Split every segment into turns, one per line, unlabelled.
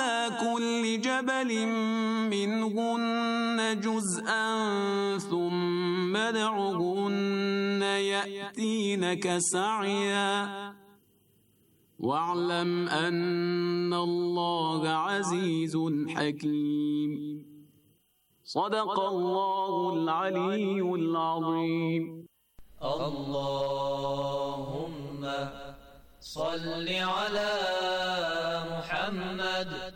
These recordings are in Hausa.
على كل جبل منهن جزءا ثم ادعهن يأتينك سعيا واعلم أن الله عزيز حكيم صدق الله العلي العظيم اللهم صل على محمد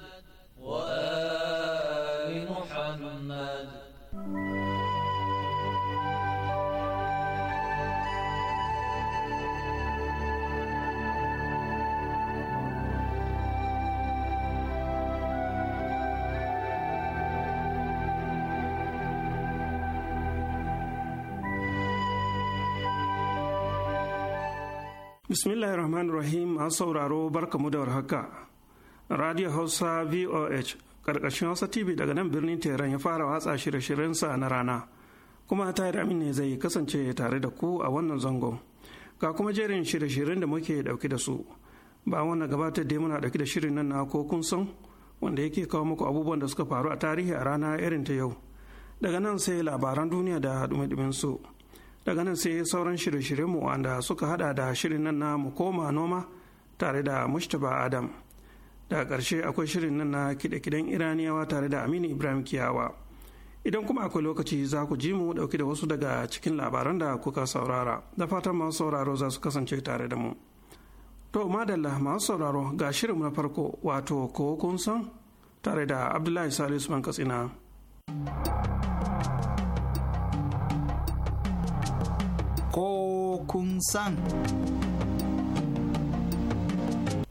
bismillahir rahmanir rahim an sauraro barkamu da warhaka radio hausa voh karkashin hausa tv daga nan birnin tehran ya fara watsa shirye shiryen sa na rana kuma yi amin ne zai kasance tare da ku a wannan zangon ga kuma jerin shirye-shiryen da muke dauke da su ba wannan gabatar da muna dauke da shirin nan na ko kun san wanda yake kawo muku abubuwan da suka faru a tarihi a rana irin ta yau daga nan sai labaran duniya da dumi su daga nan sai sauran shirye-shiryenmu wanda suka hada da shirin nan na mu koma noma tare da Mustapha adam daga ƙarshe akwai shirin nan na kide-kiden iraniyawa tare da aminu ibrahim kiyawa idan kuma akwai lokaci za ku ji mu dauki da wasu daga cikin labaran da kuka saurara da fatan masu sauraro za su kasance tare da mu to madalla masu sauraro ga shirin na farko wato ko kun san tare da abdullahi salisu man katsina
ko kun san.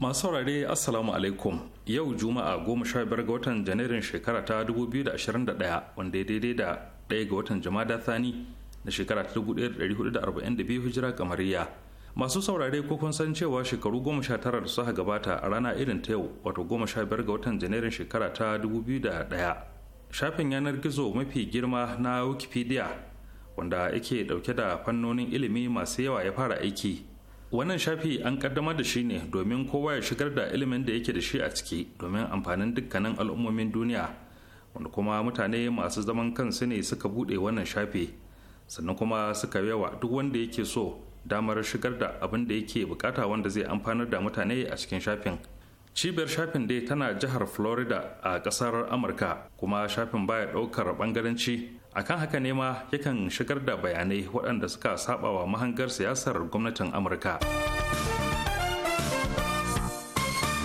Masu
saurare Assalamu alaikum yau Juma'a goma sha biyar ga watan Janairun shekara ta 2021 wanda ya daidai da ɗaya ga watan Jama'a Thani na shekara ta 1442 hijira kamariya. Masu saurare ko kun san cewa shekaru goma sha tara da suka gabata a rana irin ta yau wato goma sha biyar ga watan Janairun shekara ta 2001. Shafin yanar gizo mafi girma na Wikipedia wanda yake dauke da fannonin ilimi masu yawa ya fara aiki wannan shafi an kaddamar da shi ne domin kowa ya shigar da ilimin da yake da shi a ciki domin amfanin dukkanin al'ummomin duniya wanda kuma mutane masu zaman kansu ne suka bude wannan shafi sannan kuma suka yawa duk wanda yake so damar shigar da abin da yake bukata wanda zai amfanar da mutane a cikin shafin cibiyar shafin dai tana jihar florida a kasar amurka kuma shafin baya daukar ɓangaranci akan haka ne ma yakan shigar da bayanai waɗanda suka sabawa mahangar siyasar gwamnatin amurka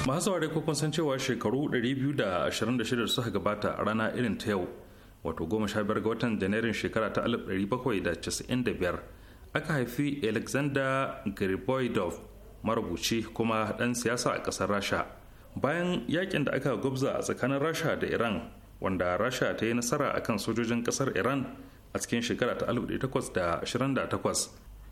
masu ware ko kun san cewa shekaru 226 suka gabata a rana irin ta yau wato 15 ga watan janairun shekara ta 1795 aka haifi alexander griboidov marubuci kuma ɗan siyasa a ƙasar rasha bayan yakin da aka gwabza a tsakanin rasha da iran wanda rasha ta yi nasara a kan sojojin kasar iran a cikin shekara ta 1828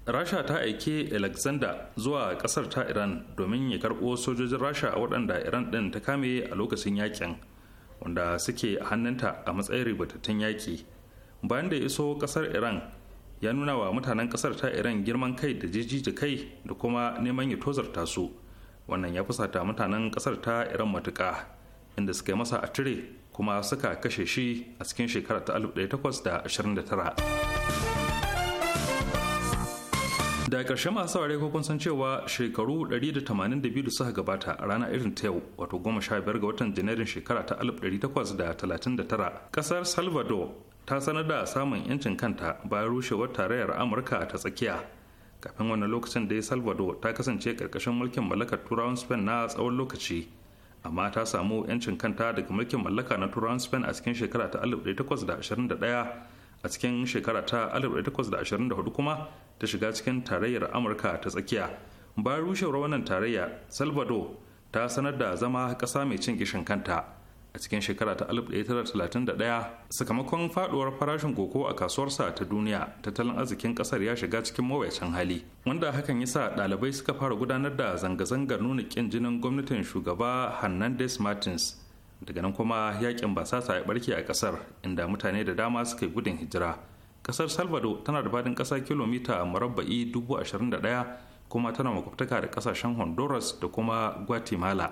rasha ta aike alexander zuwa kasar ta iran domin ya karɓo sojojin rasha a waɗanda iran ɗin ta kame a lokacin yakin wanda suke a hannunta a matsayin ribatattun yaƙi bayan da ya iso kasar iran ya nuna wa mutanen kasar ta iran girman kai da jijji kai da kuma neman ya tozarta su wannan ya fusata mutanen kasar ta iran matuka inda suka yi masa a tire kuma suka kashe shi a cikin shekara ta 1829 da ƙarshe masu saurare ko kun san cewa shekaru 182 da suka gabata a rana irin ta yau wato 15 ga watan janairun shekara ta 1839 ƙasar salvador ta sanar da samun 'yancin kanta bayan rushewar tarayyar amurka ta tsakiya kafin wannan lokacin da ya salvador ta kasance karkashin mulkin mallakar turawan spain na tsawon lokaci amma ta samu 'yancin kanta daga mulkin mallaka na turawan spain a cikin shekara ta 1821 a cikin shekara ta 1824 kuma ta shiga cikin tarayyar amurka ta tsakiya bayan rushewar wannan tarayya salvador ta sanar da zama ƙasa mai cin kishin kanta a cikin shekara ta 1931 sakamakon faduwar farashin koko a kasuwarsa ta duniya tattalin arzikin kasar ya shiga cikin mawuyacin hali wanda hakan ya sa ɗalibai suka fara gudanar da zanga-zangar nuna ƙin jinin gwamnatin shugaba hernandez martins daga nan kuma yakin basasa ya barke a kasar inda mutane da dama suka yi gudun hijira kasar salvador tana da faɗin ƙasa kilomita murabba'i 21,000 kuma tana makwabtaka da ƙasashen honduras da kuma guatemala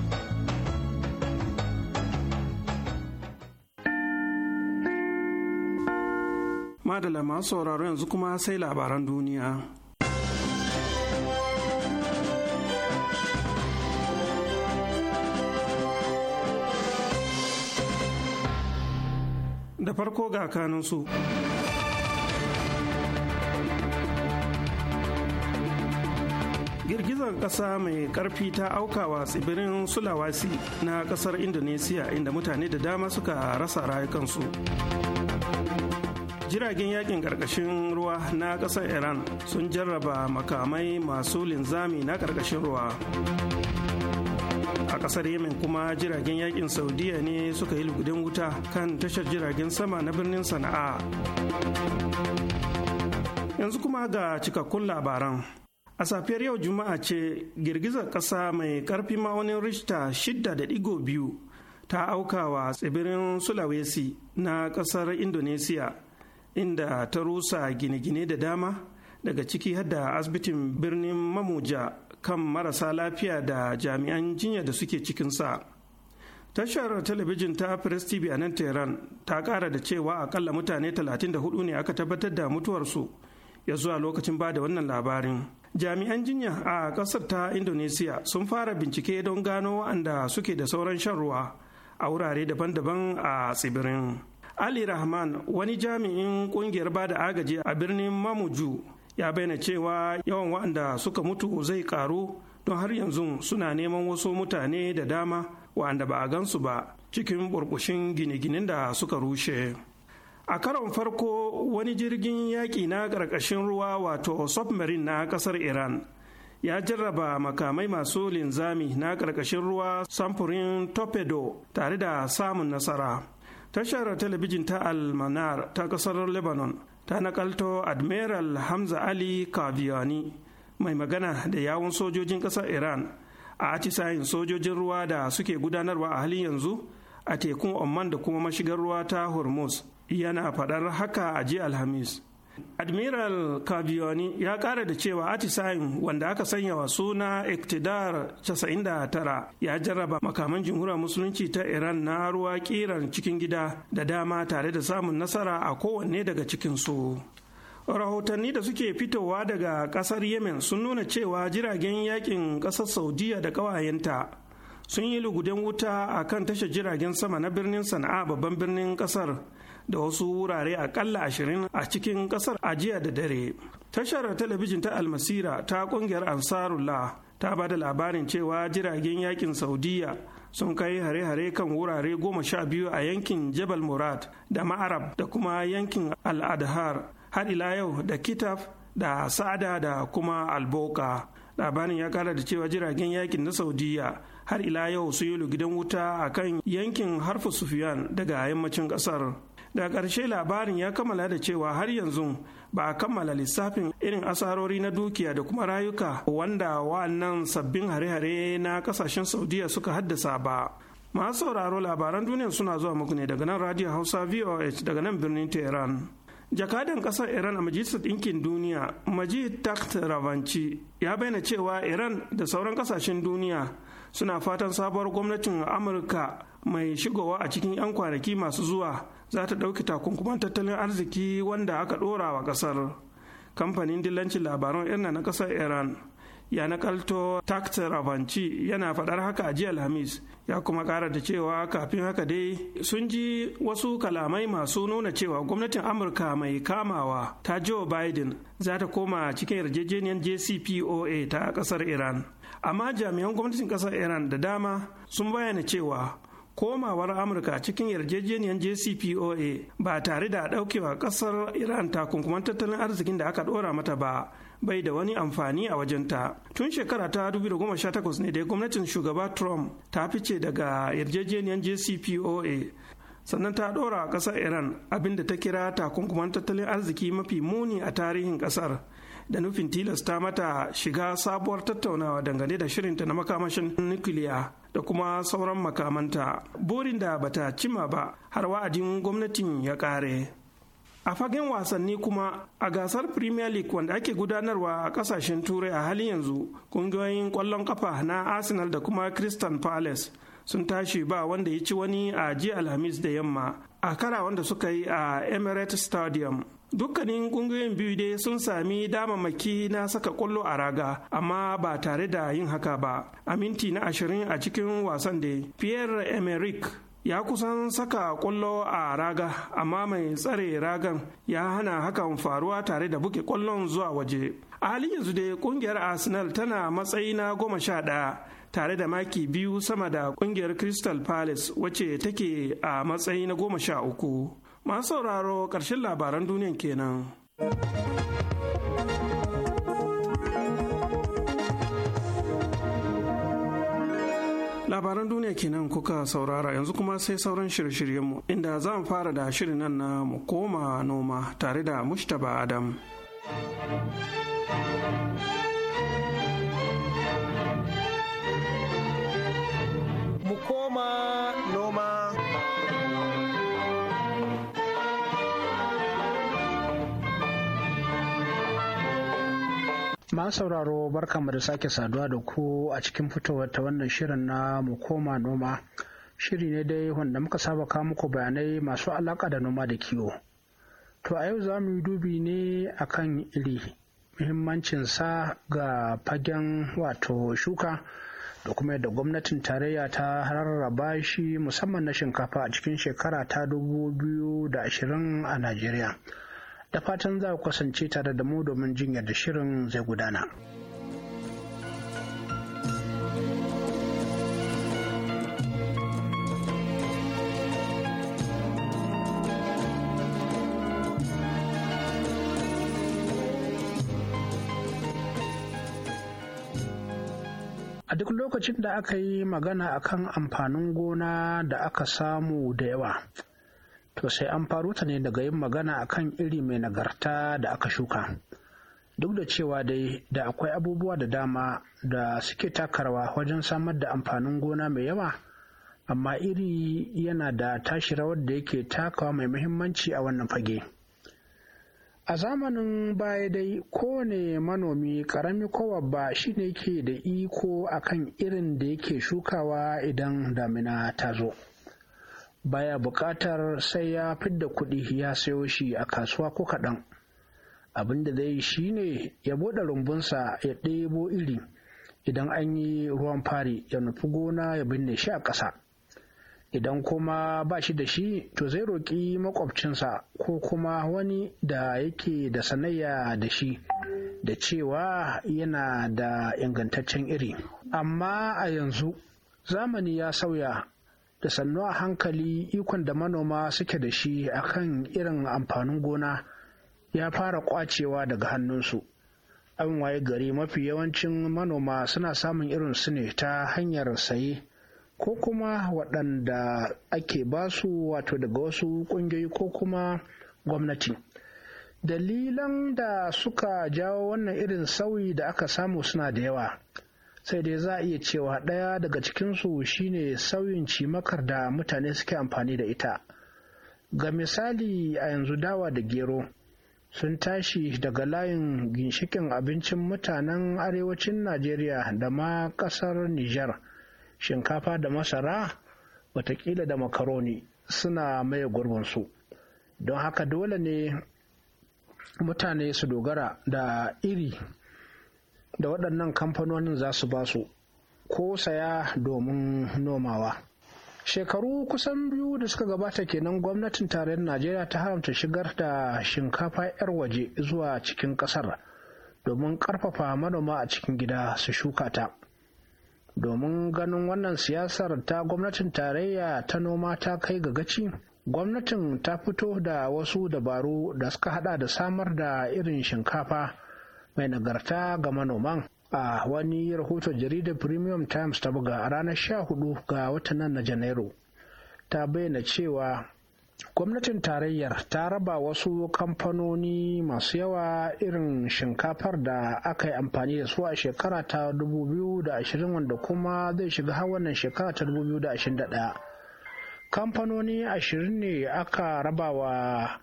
adala masu sauraro yanzu kuma sai labaran duniya. Da farko ga kanunsu. girgizar ƙasa mai ƙarfi ta aukawa tsibirin sulawasi na ƙasar indonesiya inda mutane da dama suka rasa rayukansu jiragen yakin karkashin ruwa na kasar iran sun jarraba makamai masu linzami na karkashin ruwa a kasar yemen kuma jiragen yakin saudiya ne suka yi lugudin wuta kan tashar jiragen sama na birnin sana'a yanzu kuma ga cikakkun labaran a safiyar yau juma'a ce girgizar kasa mai karfi ma'aunin rishta biyu ta auka wa tsibirin sulawesi na kasar indonesiya inda ta rusa gine-gine da dama daga ciki hadda asibitin birnin mamuja kan marasa lafiya da jami'an jinya da suke cikinsa tashar talabijin ta press tv a nan tehran ta kara da cewa akalla mutane 34 ne aka tabbatar da mutuwarsu ya zuwa lokacin ba da wannan labarin jami'an jinya a kasar ta indonesia sun fara bincike don gano waɗanda suke da sauran shan ruwa a wurare daban-daban a tsibirin. ali rahman wani jami'in kungiyar bada agaji a birnin mamuju ya bayyana cewa yawan waɗanda suka mutu zai karu don har yanzu suna neman wasu mutane da dama waɗanda ba a gansu ba cikin burbushin gine-ginen da suka rushe a karon farko wani jirgin yaƙi na ƙarƙashin ruwa wato submarine na ƙasar iran ya jarraba makamai masu linzami na ƙarƙashin ruwa samfurin torpedo tare da samun nasara tashar talabijin ta almanar ta kasar lebanon ta nakalto admiral hamza ali kaviyani mai magana da yawon sojojin kasar iran a atisayin sojojin ruwa da suke gudanarwa a halin yanzu a tekun oman da kuma mashigar ruwa ta hormuz yana faɗar haka a jiya alhamis admiral kabioni ya kara da cewa atisayin wanda aka sanya wa suna iktidar 99 ya jarraba makaman jimhuriyar musulunci ta iran na ruwa kiran cikin gida da dama tare da samun nasara a kowanne daga cikinsu rahotanni da suke fitowa daga kasar yemen sun nuna cewa jiragen yakin kasar saudiya da kawayenta sun yi lugudan wuta a kan tashar jiragen sama na birnin sana'a babban birnin kasar da wasu wurare akalla ashirin a cikin kasar a jiya da dare tashar talabijin ta almasira ta kungiyar ansarullah ta ba da labarin cewa jiragen yakin saudiya sun kai hare-hare kan wurare goma sha biyu a yankin jabal murad da ma'arab da kuma yankin al'adhar har ila yau da kitaf da Sada da kuma alboka labarin ya kara da cewa jiragen yakin na saudiya har ila yau su yi gidan wuta a kan yankin harfa sufiyan daga yammacin kasar da ƙarshe labarin ya kammala da cewa har yanzu ba a kammala lissafin irin asarori na dukiya da kuma rayuka wanda wannan sabbin hare-hare na kasashen saudiya suka haddasa ba masu sauraro labaran duniya suna zuwa muku ne daga nan radio hausa voh daga nan birnin tehran jakadan kasar iran a majalisar ɗinkin duniya majid takht ravanci ya bayyana cewa iran da sauran kasashen duniya suna fatan sabuwar gwamnatin amurka mai shigowa a cikin 'yan kwanaki masu zuwa za ta ɗauki takunkuman tattalin arziki wanda aka ɗora wa ƙasar kamfanin dillancin labaran irna na ƙasar iran ya nakalto tax ravanci yana faɗar haka a jiya alhamis ya kuma ƙara da cewa kafin haka dai sun ji wasu kalamai masu nuna cewa gwamnatin amurka mai kamawa ta joe biden za ta koma cikin yarjejeniyar jcpoa ta ƙasar iran amma jami'an gwamnatin ƙasar iran da dama sun bayyana cewa komawar amurka cikin yarjejeniyar jcpoa ba tare da daukewa kasar iran takunkuman tattalin arzikin da aka dora mata ba bai da wani amfani a wajenta tun shekara ta 2018 ne da gwamnatin shugaba trump ta fice daga yarjejeniyar jcpoa sannan ta dora a kasar iran abinda ta kira takunkuman tattalin arziki mafi muni a tarihin kasar da nufin tilasta mata shiga sabuwar tattaunawa dangane da shirinta na makamashin nukiliya da kuma sauran makamanta burin da bata cima ba har wa'adin gwamnatin ya kare a fagen wasanni kuma a gasar premier league wanda ake gudanarwa a kasashen turai a halin yanzu kungiyoyin kwallon kafa na arsenal da kuma crystal palace sun tashi ba wanda ya ci wani a jiya alhamis da yamma a kara wanda suka yi a emirates stadium dukkanin ƙungiyoyin biyu dai sun sami damammaki na saka kwallo a raga amma ba tare da yin haka ba a minti na ashirin a cikin wasan da pierre emerick ya kusan saka ƙwallo a raga amma mai tsare ragan ya hana hakan faruwa tare da buke ƙwallon zuwa waje a halin yanzu dai ƙungiyar arsenal tana matsayi na goma sha ɗaya tare da maki biyu sama da kungiyar crystal palace wacce take a matsayi na goma sha uku masu sauraro ƙarshen labaran duniyan kenan labaran duniya kenan kuka saurara yanzu kuma sai sauran shirye-shiryenmu inda za mu fara da shirin nan na mu koma noma tare da mushtaba adam mu koma noma
Ma sauraro barkanmu da sake saduwa da ku a cikin fitowar ta wannan shirin na mu koma noma. Shiri ne dai wanda muka saba kawo muku bayanai masu alaƙa da noma da kiwo. To a yau za mu yi dubi ne a kan iri, muhimmancinsa ga fagen wato shuka da kuma yadda gwamnatin tarayya ta rarraba shi musamman na shinkafa a cikin shekara ta 2020 a Najeriya. Da fatan za ku kasance tare da mu domin jinyar da shirin zai gudana. a duk lokacin da aka yi magana akan amfanin gona da aka samu da yawa to sai an faruta ne daga yin magana akan iri mai nagarta da aka shuka duk da cewa dai da akwai abubuwa da dama da suke takarwa wajen samar da amfanin gona mai yawa amma iri yana da tashi rawar da yake takawa mai muhimmanci a wannan fage. a zamanin baya dai kowane manomi karami ko shi ne ke da iko akan irin da yake shukawa idan damina ta zo baya buƙatar sai ya fidda kuɗi ya sayo shi a kasuwa ko kaɗan abin da zai shi ne ya buɗe rumbunsa ya ɗebo iri idan an yi ruwan fari ya nufi gona ya binne shi a ƙasa idan kuma ba shi da shi to zai roƙi makwabcinsa ko kuma wani da yake da sanayya da shi da cewa yana da ingantaccen iri amma a yanzu zamani ya sauya da sannu a hankali ikon da manoma suke da shi akan irin amfanin gona ya fara kwacewa daga hannunsu Abin waye gari mafi yawancin manoma suna samun irin su ne ta hanyar saye ko kuma waɗanda ake basu wato daga wasu ƙungiyoyi ko kuma gwamnati dalilan da suka jawo wannan irin sauyi da aka samu suna da yawa sai dai za a iya cewa ɗaya daga cikinsu shine sauyin cimakar da mutane suke amfani da ita ga misali a yanzu dawa da gero sun tashi daga layin ginshikin abincin mutanen arewacin najeriya da ma ƙasar nijar shinkafa da masara watakila da makaroni suna maye gurbinsu don haka dole ne mutane su dogara da iri da waɗannan kamfanonin za su ba su ko saya domin nomawa shekaru kusan biyu da suka gabata kenan gwamnatin tarayyar najeriya ta haramta shigar da shinkafa 'yar waje zuwa cikin ƙasar domin ƙarfafa manoma a cikin gida su shuka ta domin ganin wannan siyasar ta gwamnatin tarayya ta noma ta kai ga gaci gwamnatin ta fito da wasu dabaru da suka hada da samar da irin shinkafa mai nagarta ga manoman a wani rahoton jaridar premium times ta buga a ranar 14 ga watan na janairu ta bayyana cewa gwamnatin tarayyar ta raba wasu kamfanoni masu yawa irin shinkafar da aka yi amfani da su a shekara ta 2020 wanda kuma zai shiga har wannan shekara ta 2021 kamfanoni ashirin ne aka raba wa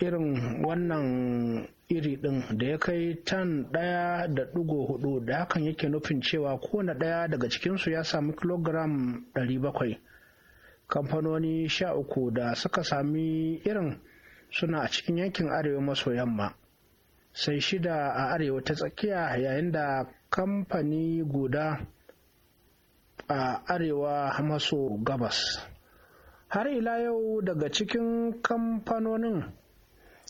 irin wannan iri din da ya kai tan daya da dugo hudu da hakan yake nufin cewa kowane daya daga cikinsu ya samu kilogram 700 kamfanoni sha uku da suka sami irin suna a cikin yankin arewa maso yamma sai shida a arewa ta tsakiya yayin da kamfani guda a arewa maso gabas har ila yau daga cikin kamfanonin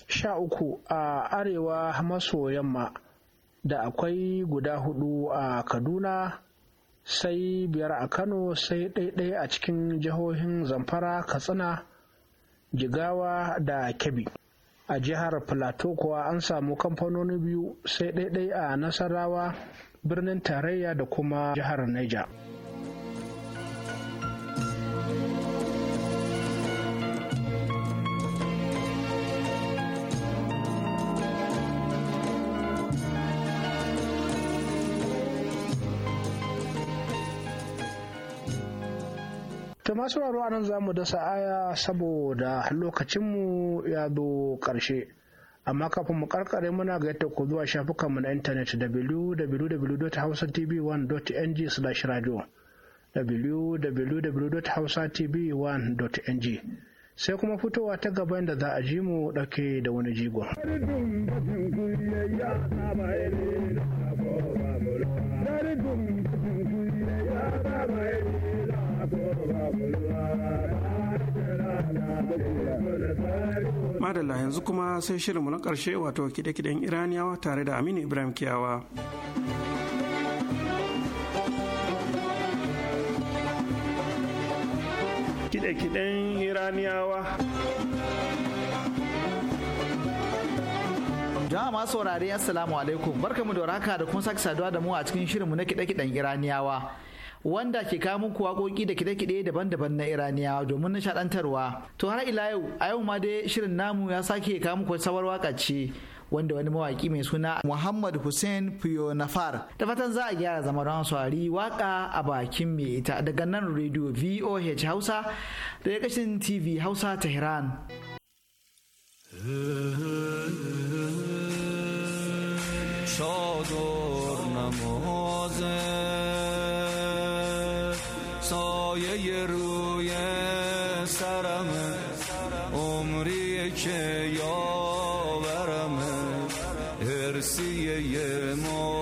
sha uku a arewa maso yamma da akwai guda hudu a kaduna sai biyar a kano sai ɗaiɗai a cikin jihohin zamfara katsina jigawa da kebbi a jihar plateau kuwa an samu kamfanoni biyu sai ɗaiɗai a nasarawa birnin tarayya da kuma jihar niger masu raro anan za mu dasa aya saboda lokacinmu ya zo ƙarshe. Amma kafin mu karkare muna ga yadda ku zuwa shafukanmu na intanet www.hausatv1.ng slash radio www.hausatv1.ng sai kuma fitowa ta gaban da za a ji mu dauke da wani jigo.
Dari
madalla yanzu kuma sai shirinmu na ƙarshe wato kide-kiden iraniyawa tare da aminu ibrahim kiyawa kide-kiden iraniyawa
jama'a masu saurari assalamu alaikum barkamu da raka da kuma sake saduwa da mu a cikin shirinmu na kide-kiden iraniyawa wanda ke kawo muku waƙoƙi da kide-kide daban-daban na iraniya domin nishaɗantarwa to har ila yau a yau ma dai shirin namu ya sake kawo muku sabar waƙa ce wanda wani mawaƙi mai suna muhammad hussein nafar da fatan za a gyara zama ran saurari waƙa a bakin mai ita daga nan rediyo voh hausa da ya kashin tv hausa tehran
نمازه سایه روی سرمه عمری که یاورمه هرسیه ما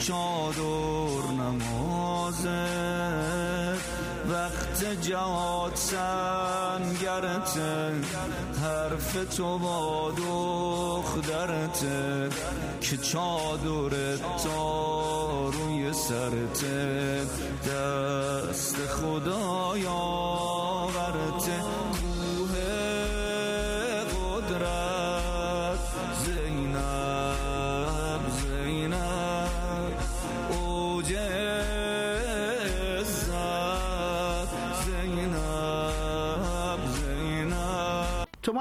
چادر نمازت وقت جهاد سنگرته حرف تو با دخترته که چادرت تا روی سرته دست خدایا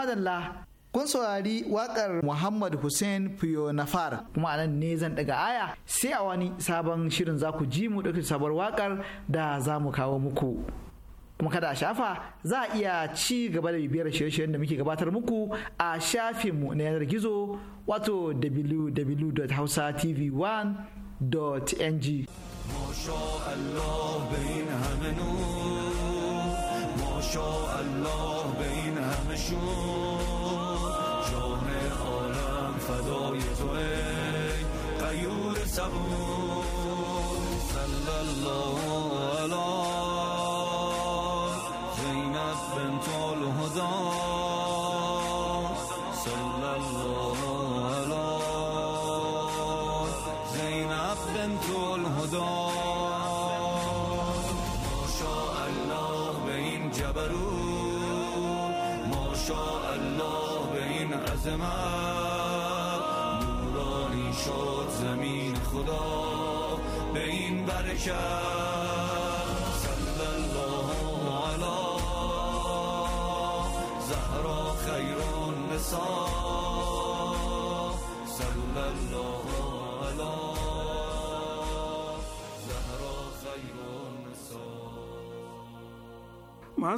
madalla kun saurari waƙar Muhammad Hussein Nafar kuma anan ne zan daga aya sai a wani sabon shirin za ku ji mu ɗauki sabon waƙar da za mu kawo muku. Kuma kada a shafa za a iya ci gaba da bibiyar shirye-shiryen da muke gabatar muku a shafinmu na yanar gizo wato www.hausatv1.ng.
Allah نشون جان عالم فدای تو ای قیور صبور صلی الله الرجال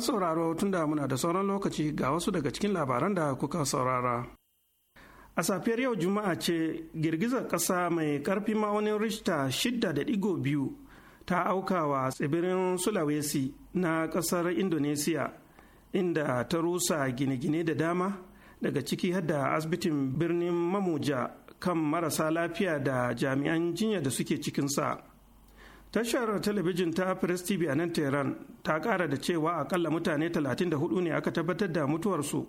sauraro tun da muna da sauran lokaci ga wasu daga cikin labaran da kuka saurara. A safiyar yau Juma'a ce girgizar ƙasa mai ƙarfi ma'aunin Richter 6.2 ta aukawa tsibirin sulawesi na ƙasar indonesiya inda ta rusa gine-gine da dama daga ciki hadda asibitin birnin mamuja kan marasa lafiya da jami'an jinya da suke cikinsa tashar talabijin ta press tv a nan tehran ta kara da cewa akalla mutane 34 ne aka tabbatar da mutuwarsu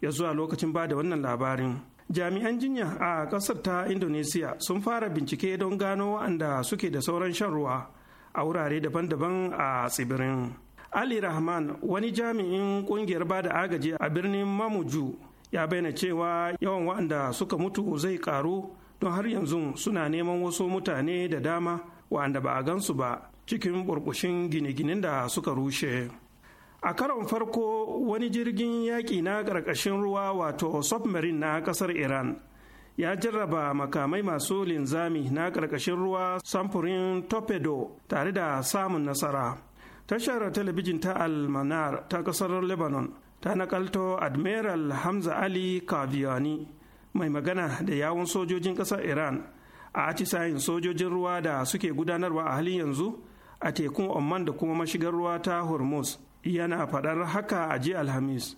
ya zuwa lokacin ba da wannan labarin jami'an jinya a ƙasar ta indonesiya sun fara bincike don gano waɗanda suke da sauran shan ruwa a wurare daban-daban a tsibirin ali rahman wani jami'in kungiyar bada agaji a birnin mamuju ya bayyana cewa yawan waɗanda suka mutu zai karu don har yanzu suna neman wasu mutane da dama waɗanda ba a gansu ba cikin burbushin gine-ginen da suka rushe a karon farko wani jirgin yaƙi na ƙarƙashin ruwa wato submarine na ƙasar iran ya jarraba makamai masu linzami na ƙarƙashin ruwa samfurin torpedo tare da samun nasara tashar talabijin ta almanar ta ƙasar lebanon ta nakalto admiral hamza ali kaviyani mai magana da yawon sojojin ƙasar iran a atisayin sojojin ruwa da suke gudanarwa a halin yanzu a tekun oman da kuma mashigar ruwa ta hormuz yana faɗar haka a jiya alhamis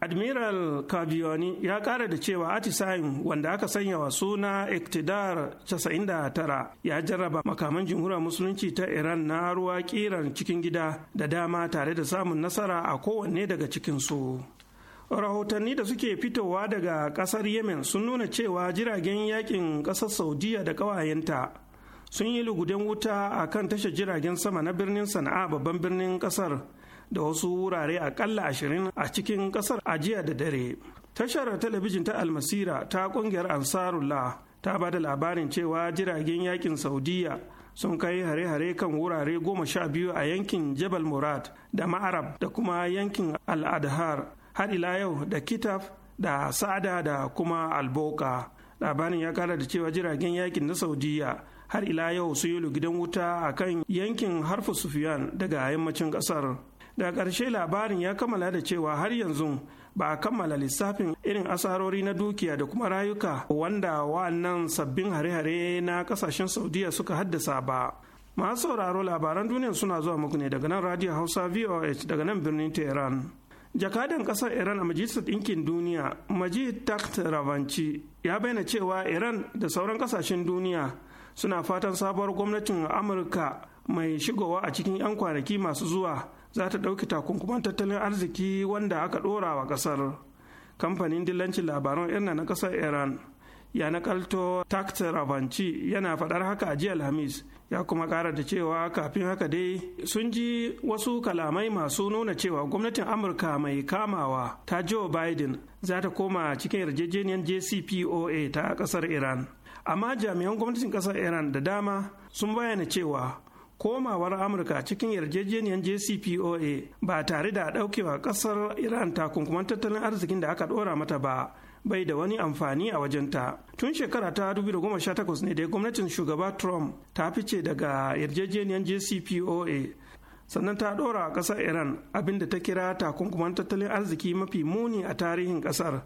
admiral kavioni ya kara da cewa atisayin wanda aka sanya wa suna iktidar 99 ya jarraba makaman jamhuriyar musulunci ta iran na ruwa kiran cikin gida da dama tare da samun nasara a kowanne daga cikinsu rahotanni da suke fitowa daga kasar yemen sun nuna cewa jiragen yakin kasar saudiya da kawayenta sun yi luguden wuta a kan tashar jiragen sama na birnin sana'a babban birnin kasar da wasu wurare akalla ashirin a cikin kasar ajiya da dare tashar talabijin ta almasira ta kungiyar ansarullah ta ba da labarin cewa jiragen yakin saudiya sun kai hare-hare kan wurare goma sha biyu a yankin jabal murad da ma'arab da kuma yankin al'adhar har ila yau da kitaf da Sada da kuma alboka labarin ya kara da cewa jiragen yakin na saudiya har ila yau su yi lugidan wuta a kan yankin harfu sufiyan daga yammacin ƙasar. da ƙarshe labarin ya kammala da cewa har yanzu ba a kammala lissafin irin asarori na dukiya da kuma rayuka wanda wannan sabbin hare-hare na kasashen saudiya suka haddasa ba masu sauraro labaran duniya suna zuwa muku ne daga nan radio hausa voh daga nan birnin tehran jakadan kasar iran a majalisar ɗinkin duniya majid takht ravanci ya bayyana cewa iran da sauran kasashen duniya suna fatan sabuwar gwamnatin amurka mai shigowa a cikin 'yan kwanaki masu zuwa za ta ɗauki takunkuman tattalin arziki wanda aka ɗora wa ƙasar kamfanin dillancin labaran irna na ƙasar iran ya nakalto takt ravanci yana faɗar haka a jiya alhamis ya kuma ƙara da cewa kafin haka dai sun ji wasu kalamai masu nuna cewa gwamnatin amurka mai kamawa ta joe biden za ta koma cikin yarjejeniyar jcpoa ta ƙasar iran amma jami'an gwamnatin ƙasar iran da dama sun bayyana cewa komawar amurka cikin yarjejeniyar jcpoa ba tare da daukewa kasar iran takunkuman tattalin arzikin da aka dora mata ba bai da wani amfani a wajenta tun shekara ta 2018 ne da gwamnatin shugaba trump ta fice daga yarjejeniyar jcpoa sannan ta dora a kasar iran abinda ta kira takunkuman tattalin arziki mafi muni a tarihin kasar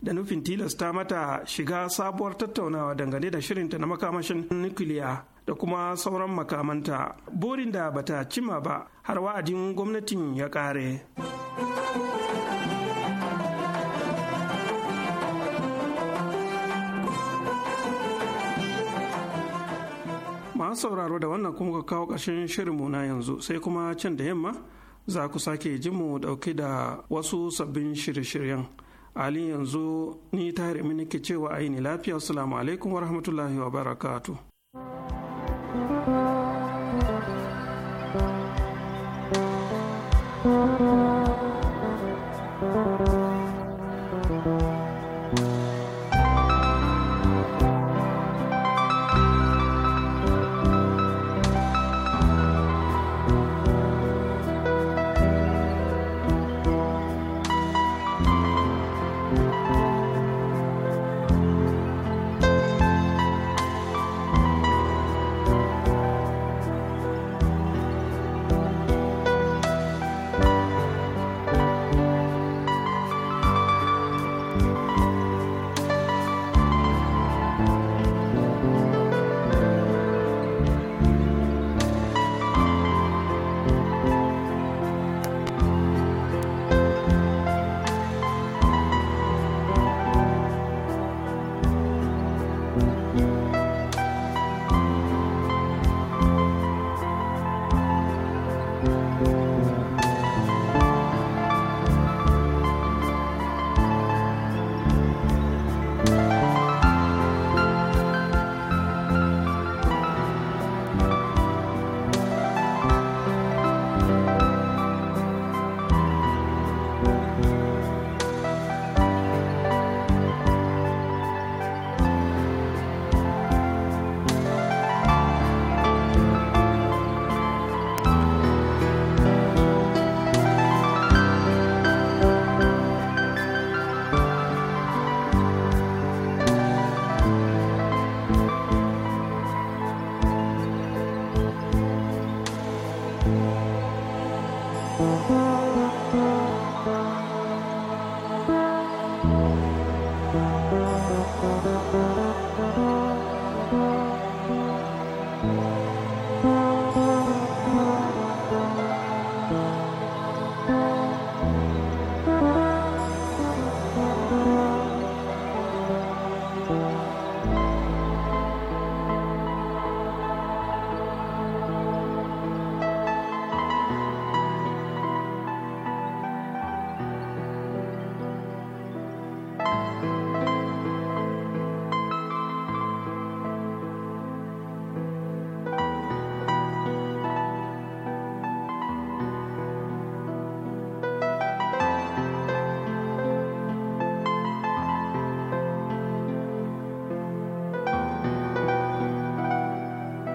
da nufin tilasta mata shiga sabuwar tattaunawa dangane da shirinta na makamashin nukiliya da kuma sauran makamanta burin da bata cima ba har wa'adin gwamnatin ya ƙare. masu sauraro da wannan kuma ka kawo ƙarshen shirinmu na yanzu sai kuma can da yamma za ku sake jin mu ɗauke da wasu sabbin shirye-shiryen halin yanzu ni tare mini ke cewa aini lafiya assalamu alaikum warahmatullahi wabarakatuh
Música uhum.